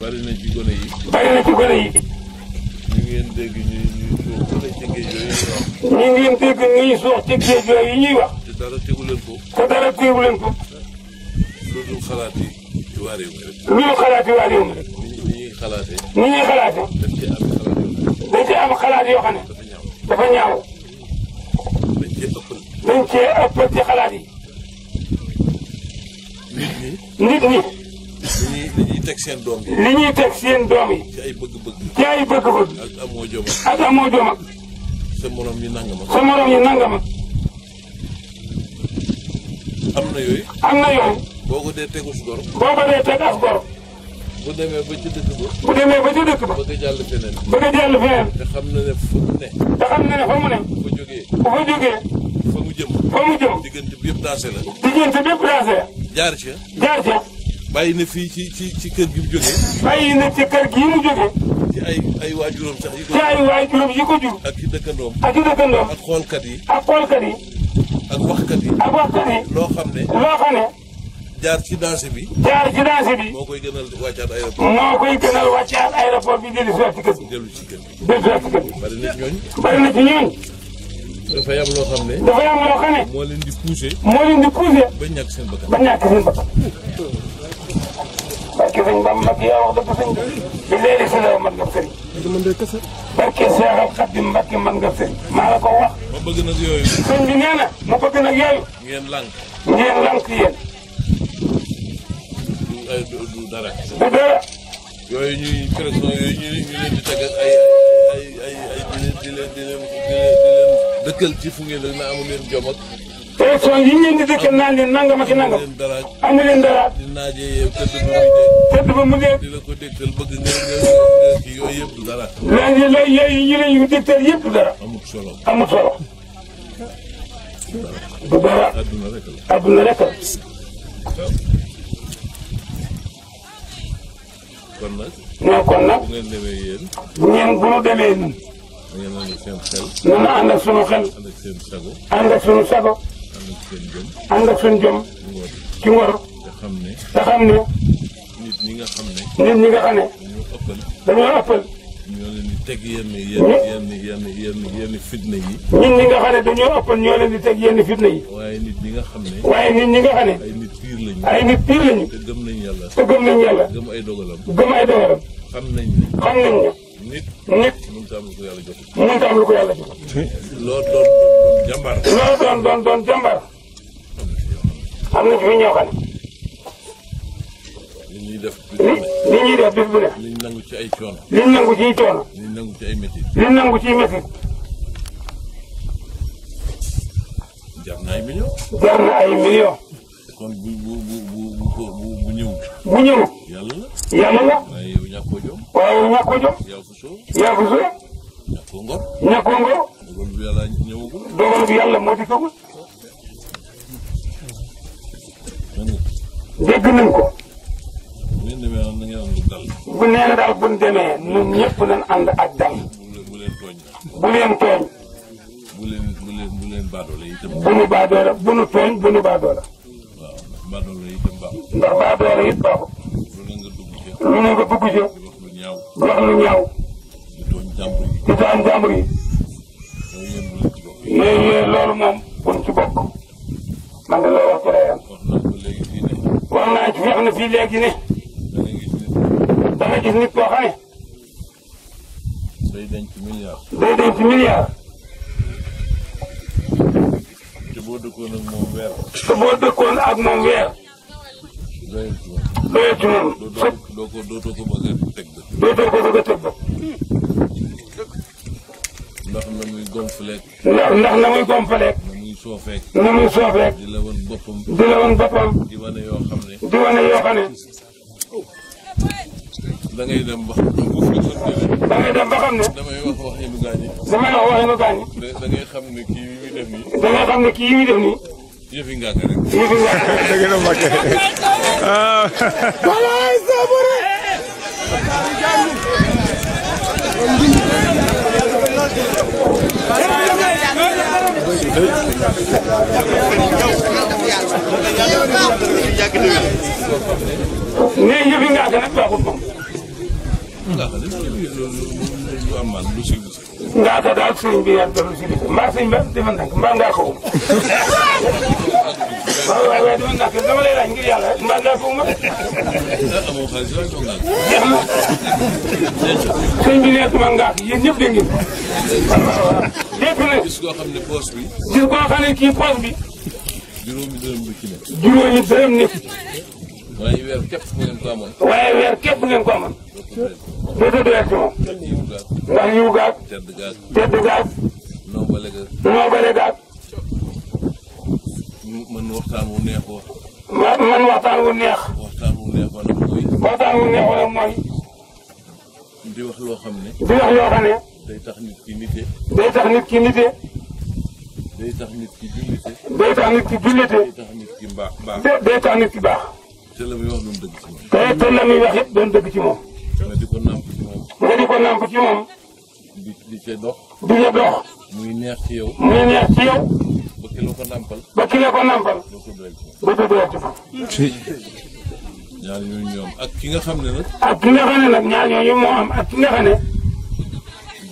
bari na ci yi. bari na ci gone yi. ñu ngeen dégg ñuy ñuy ci géej yooyu ñuy wax. ñu dara tegu ko. te dara tegu ko. loolu xalaat yi ci waar yow rek. yi waar yoo xam ne. dañ xalaat yi. nit ñi. nit ñi. teg seen doom yi. li ñuy teg seen doom yi. ci ay bëgg-bëgg. ci ay bëgg-bëgg. ak amoo jom ak amoo jom sa moroom yi nangama. sa morom yi nangama. am na yooyu. am na yooyu. boo ko dee tegu si goro. boo ko dee teg as bu demee ba ci dëkk ba. bu ba ci a jàll feneen. bëgg a jàll feneen. te xam ne fa mu ne. te xam ne fa mu ne. fa jógee. jógee. fa mu jëm. fa mu jëm. diggante bi yëpp la. diggante bi yëpp jaar ca. jaar ca. bàyyi na fii ci ci ci kër gi mu jógee. bàyyi na ci kër gi mu jógee. ci ay ay waajuram sax yi ko. ci ay waajuram yi jur. ak ci dëkkandoom. ak xoolkat yi. ak xoolkat yi. ak waxkat yi. ak waxkat yi. loo xam ne. loo xam ne. jaar ci danse bi. jaar ci danse bi. moo koy gënal wàccaat aéroport. moo koy gënal wàccaat aéroport bi dellu si kër gi. dellu si ci ñooñ. bari ci ñooñ. dafay am loo xam ne. dafay am loo xam ne. moo leen di poussé. moo leen di poussé. ba ñàkk seen ba ñàkk moom nag yaa wax dëgg sëñ bi léegi si la mën nga sëriñ. barke Seexal Xaadim Mbàkke mën nga sëriñ. maa la ko wax. ma bëgg nag yooyu. sëñ bi nee na ma bëgg nag yooyu. ngeen lànk. ngeen lànk yéen. du ay du dara. du dara. yooyu ñuy pression yooyu ñu ñu leen di teg ay ay ay ay di leen di leen di leen dëkkal ci fu ngeen ne amul leen jom ak élection yi ngeen di dëkk naan leen nangam ak nangam amu leen dara tëdd ba mu dee léegi lay yooyu yi leen yu dëkkal yëpp dara amul solo bu dara adduna rek la kon nag non kon nag bu ngeen demee yéen bu ngeen bu nu na ànd sunu xel ànd sunu sago ànd ak seen jom ci ngor te xam ne nit ñi nga xam ne nit ñi nga xam ne dañoo ëppal ñoo leen di teg yenn yenn yenn yenn yenn fitna yi. ñun ñi nga xam ne dañoo ëppoon ñoo leen di teg yenn fitna yi. waaye nit ñi nga xam ne. waaye nit ñi nga xam ne. ay nit piir lañu. ay nit piir lañu. te gëm nañ yàlla. te gëm nañ yàlla. gëm ay dogalam. gëm ay dogalam. xam nañ ne. xam nañ ne. nit. mënut hmm? a am lu ko yàlla jox. mënut a am lu ko yàlla jox. loolu doon doon jàmbaar. loolu doon doon doon jàmbaar. am na fi ñoo xam ne. li ñuy def bis bu ne. li ñuy def bis bu ne. li ñu nangu ci ay coono. li ñu nangu ci ay coono. li ñu nangu ci ay métit. li ñu nangu ci métit. jar na ay millions. jar na ay millions. kon bu bu bu bu bu bu ñëw. bu ñëw. yàlla la. yàlla la. waaye ñàkkoo jom. yàqu so. ñàkkoo ngor. ñàkkoo ngor. dogal bi yàlla ñëwagul. dogal bi yàlla moo dikkagul. dégg nañ ko. bu ngeen demee na ngeen ànd ak dal. bu nee na daal bu ñu demee ñun ñëpp nañ ànd ak dal. bu leen tooñ. bu leen tooñ. bu leen bu leen bu leen baadoole itam. bu nu baadoole bu nu tooñ bu nu baadoole. waaw ndax baadoole itam baaxul. ndax baadoole it baaxul. lu ne nga dugg ci. lu ne nga dugg ci. ñaaw wala xam lu ñaaw di tooñ jàmbur yi moom buñ ci bokk man de loolu wax ci rayam nga gis nit koo xam ne day denc milliard day denc milliard te boo dëkkoon ak moom weer ak moom weer doyoo ci moom na muy gonfaleeg. ndax na na muy soofeeg. na muy soofeeg. di la wan boppam. di la wan boppam. xam ne. di dem ba xam da ngay dem ba xam ne. damay wax wax nu gaañi. damay xam ne kii yi muy def nii. da ne kii yi muy def nii. yëfi balay sabure ne yëfi nga ka nag baaxul moom nga ka daal sëñ bi yàgg lu si mbaa sëñ ba defal nag mbaa nga ko waaw waaw waaye dama naan dama lay laaj ngir yàlla rek mbaa ngaa ma. jeex na. sëñ bi nekk ma ngaa yéen ñëpp dégg ngeen. lépp nag gis koo xam ne poos bi. gis koo xam ne kii poos bi. juróomi dërëm du ci nekk. juróomi dërëm nekk. waaye weer képp ngeen ko amoon. waaye weer képp ngeen ko amoon. dootoo doyal ci moom. ndax yiw gaag. tedd gaag. tedd gaag. noo bale gaag. noo bale gaag. neex wax. man man waxtaan wu neex. waxtaan wu neex wala mooy. waxtaan wu neex wala mooy. di wax loo xam ne. di wax loo xam ne. day tax nit ki nite. day tax nit ki nite. day tax nit ki jullite. day tax nit ki jullite. day tax nit ki mbaax baax. day tax nit ki baax. te la muy wax doon dëgg ci moom. te te la muy wax it doon dëgg ci moom. nga di ko nàmp ci moom. nga di ko nàmp ci moom. cee dox. di nga dox. muy neex ci yow. muy neex ci yow. ba ki la ko nàmpal. ba ki la ko nàmpal. doo ko doyal ci moom. doo ko doyal ci moom. ñaar ñooñu ñoo am ak ki nga xam ne nag. ak ki nga xam ne nag ñaar ñooñu moo am ak ki nga xam ne.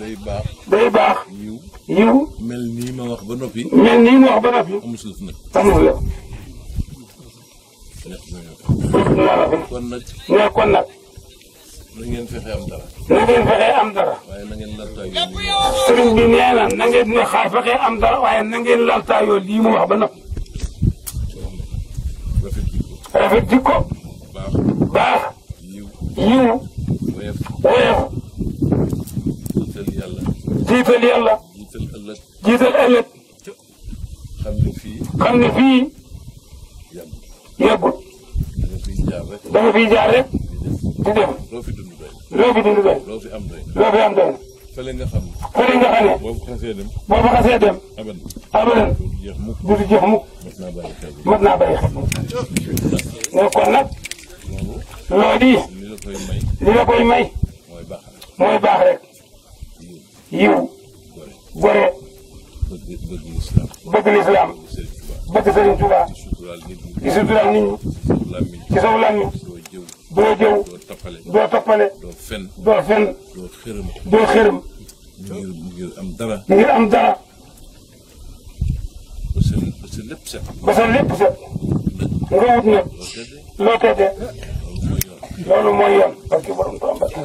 day baax. day baax. yiw yiw. mel nii ma wax ba noppi. mel nii ma wax ba noppi. amul suuf nag. amul la. neex na kon nag. kon nag. na ngeen fexe am dara. na ngeen fexe am ne xaay am dara waaye na ngeen laltaayoo lii mu rafet jikko. baax baax. yiw yiw. woyof woyof. jiital yàlla. ne fii. xam ne fii. yàggul. yàggul. loo fi dund doy. loo fi am doy. loo fi am doy. fële nga xam. fële nga xam ne. boo fa xasee dem. boo fa xasee dem. abadan abadan. du fi jeex mukk. du fi jeex mukk. mat naa bàyyi xel. ne kon nag. loo di. li la koy may. li la koy may. mooy baax rek. mooy baax rek. yiw. gore. bëgg lislaam. bëgg lislaam. bëgg Sëriñ Tuubaa. di suturaal nit ñi. ci saw làmmiñ. doo jëw. doo toppale. fen. doo fen. doo xërëm. doo xërëm. ngir ngir am dara. ngir am dara. ba sa ba sa lépp set. ba sa lépp set. nga wut nag. loo tëddee. loolu mooy yoon. parce que borom